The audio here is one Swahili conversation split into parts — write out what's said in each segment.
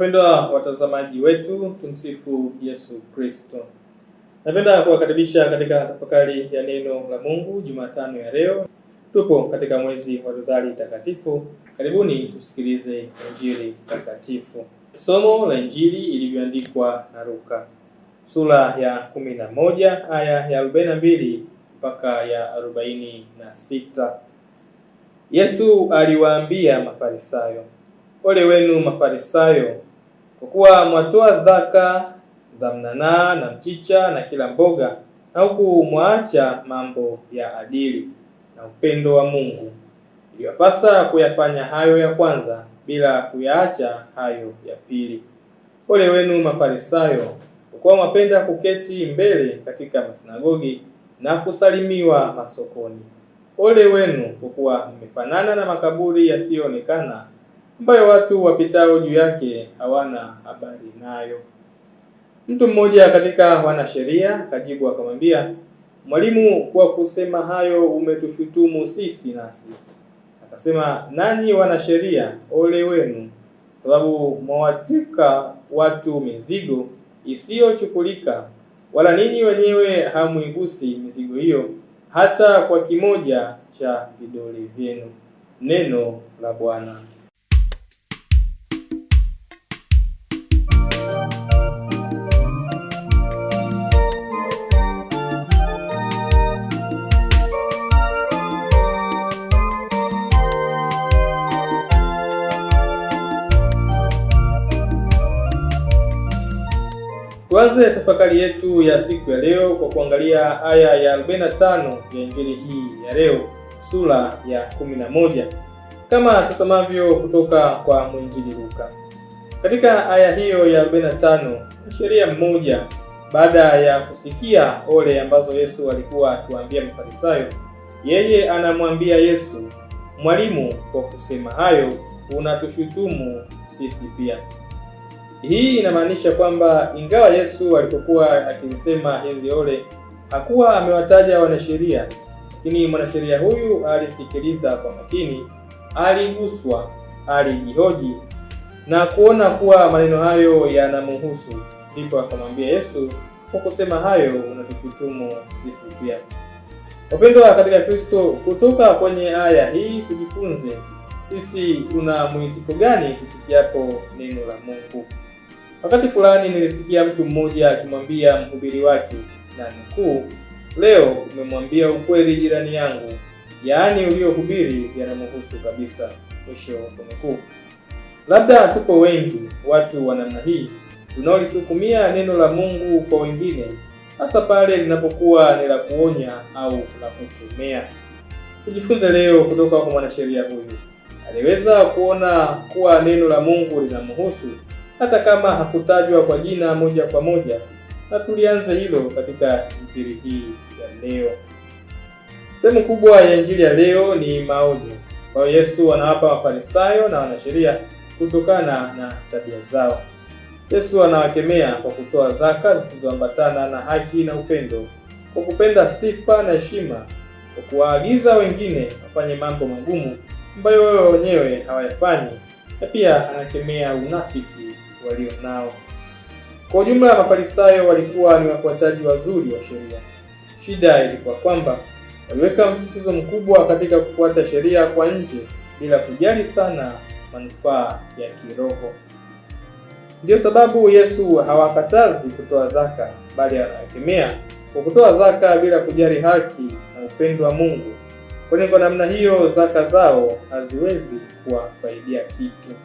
Wapendwa watazamaji wetu, tumsifu Yesu Kristo. Napenda kuwakaribisha katika tafakari ya neno la Mungu Jumatano ya leo. Tupo katika mwezi wa Rozari Takatifu. Karibuni tusikilize Injili takatifu. Somo la Injili ilivyoandikwa na Luka sura ya kumi na moja aya ya arobaini na mbili mpaka ya arobaini na sita. Yesu aliwaambia Mafarisayo, ole wenu Mafarisayo kwa kuwa mwatoa dhaka za mnanaa na mchicha na kila mboga, na huku mwaacha mambo ya adili na upendo wa Mungu, iliwapasa kuyafanya hayo ya kwanza bila kuyaacha hayo ya pili. Ole wenu Mafarisayo, kwa kuwa mwapenda kuketi mbele katika masinagogi na kusalimiwa masokoni. Ole wenu, kwa kuwa mmefanana na makaburi yasiyoonekana ambayo watu wapitao juu yake hawana habari nayo. Mtu mmoja katika wanasheria akajibu akamwambia, Mwalimu, kwa kusema hayo umetushutumu sisi nasi. Akasema, nanyi wanasheria, ole wenu, sababu mwawatika watu mizigo isiyochukulika, wala ninyi wenyewe hamwigusi mizigo hiyo hata kwa kimoja cha vidole vyenu. Neno la Bwana. Tuanze tafakari yetu ya siku ya leo kwa kuangalia aya ya 45 ya injili hii ya leo sura ya 11 kama tusemavyo kutoka kwa mwinjili Luka. Katika aya hiyo ya 45, sheria mmoja baada ya kusikia ole ambazo Yesu alikuwa akiwaambia Mafarisayo, yeye anamwambia Yesu, Mwalimu, kwa kusema hayo unatushutumu sisi pia. Hii inamaanisha kwamba ingawa Yesu alipokuwa akisema hizi ole, hakuwa amewataja wanasheria, lakini mwanasheria huyu alisikiliza kwa makini, aliguswa, alijihoji na kuona kuwa maneno hayo yanamuhusu ndipo akamwambia Yesu, kwa kusema hayo unatushutumu sisi pia. Wapendwa katika Kristo, kutoka kwenye aya hii tujifunze sisi tuna mwitiko gani tusikiapo neno la Mungu. Wakati fulani nilisikia mtu mmoja akimwambia mhubiri wake, na nukuu, leo umemwambia ukweli jirani yangu, yaani uliohubiri yanamhusu kabisa, mwisho wa nukuu. Labda tuko wengi watu wa namna hii tunaolisukumia neno la Mungu kwa wengine, hasa pale linapokuwa ni la kuonya au la kukemea. Tujifunze leo kutoka kwa mwanasheria huyu. Aliweza kuona kuwa neno la Mungu linamhusu hata kama hakutajwa kwa jina moja kwa moja, na tulianze hilo katika injili hii ya leo. Sehemu kubwa ya injili ya leo ni maonyo ambayo Yesu anawapa Mafarisayo na wanasheria kutokana na tabia zao. Yesu anawakemea kwa kutoa zaka zisizoambatana na haki na upendo, kwa kupenda sifa na heshima, kwa kuwaagiza wengine wafanye mambo magumu ambayo wewe wenyewe hawayafanyi, na pia anakemea unafiki walio nao Kwa ujumla, Mafarisayo walikuwa ni wafuataji wazuri wa sheria. Shida ilikuwa kwamba waliweka msitizo mkubwa katika kufuata sheria kwa nje bila kujali sana manufaa ya kiroho. Ndiyo sababu Yesu hawakatazi kutoa zaka, bali anawakemea kwa kutoa zaka bila kujali haki na upendo wa Mungu, kwani kwa namna hiyo zaka zao haziwezi kuwafaidia kitu.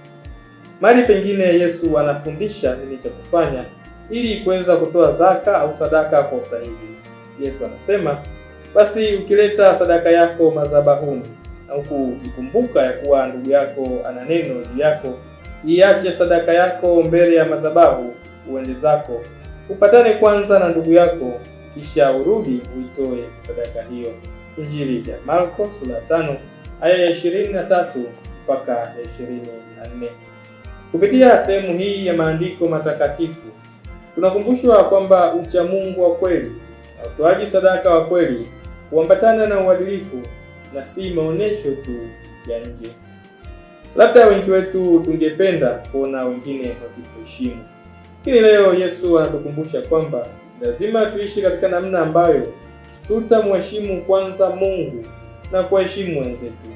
Mahali pengine Yesu anafundisha nini cha kufanya ili kuweza kutoa zaka au sadaka kwa usahihi. Yesu anasema, basi ukileta sadaka yako madhabahuni na huku ukikumbuka ya kuwa ndugu yako ana neno juu yako, iache sadaka yako mbele ya madhabahu, uende zako upatane kwanza na ndugu yako, kisha urudi uitoe sadaka hiyo. Injili ya Marko sura 5 aya ya 23 mpaka ya 24. Kupitia sehemu hii ya maandiko matakatifu tunakumbushwa kwamba ucha Mungu wa kweli na utoaji sadaka wa kweli huambatana na uadilifu na si maonesho tu ya nje. Labda wengi wetu tungependa kuona wengine wakituheshimu, lakini leo Yesu anatukumbusha kwamba lazima tuishi katika namna ambayo tutamheshimu kwanza Mungu na kuheshimu wenzetu.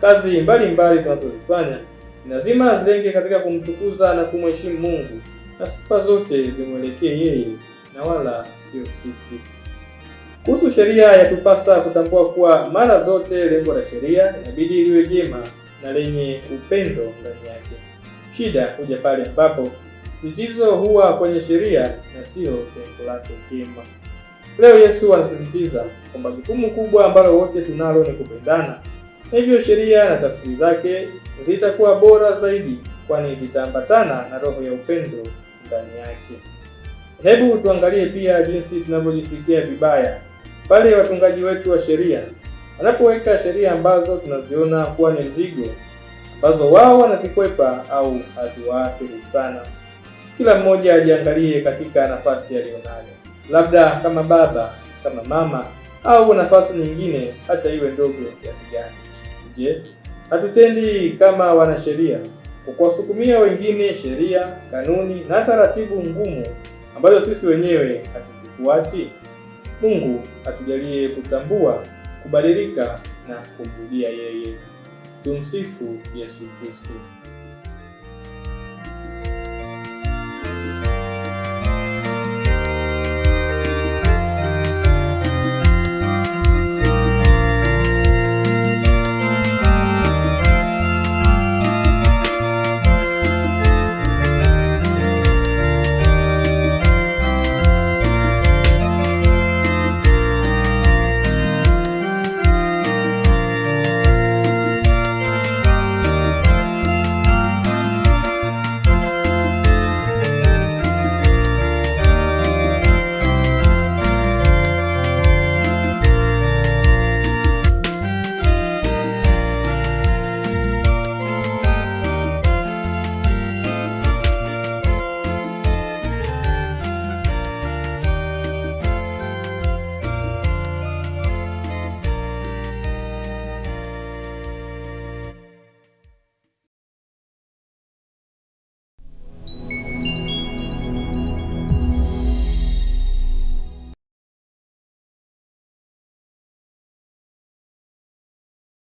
Kazi mbalimbali tunazozifanya lazima azilenge katika kumtukuza na kumheshimu Mungu, na sifa zote zimwelekee yeye na wala sio sisi. Kuhusu sheria, yatupasa kutambua kuwa mara zote lengo la sheria inabidi liwe jema na lenye upendo ndani yake. Shida huja pale ambapo msisitizo huwa kwenye sheria na siyo lengo lake jema. Leo Yesu anasisitiza kwamba jukumu kubwa ambalo wote tunalo ni kupendana, na hivyo sheria na tafsiri zake zitakuwa bora zaidi, kwani vitaambatana na roho ya upendo ndani yake. Hebu tuangalie pia jinsi tunavyojisikia vibaya pale watungaji wetu wa sheria wanapoweka sheria ambazo tunaziona kuwa ni mzigo, ambazo wao wanazikwepa au haziwaathiri sana. Kila mmoja ajiangalie katika nafasi aliyonayo, labda kama baba, kama mama, au nafasi nyingine, hata iwe ndogo kiasi gani. Je, hatutendi kama wanasheria kwa kuwasukumia wengine sheria, kanuni na taratibu ngumu ambazo sisi wenyewe hatuzifuati. Mungu atujalie kutambua, kubadilika na kumrudia yeye. Tumsifu Yesu Kristo.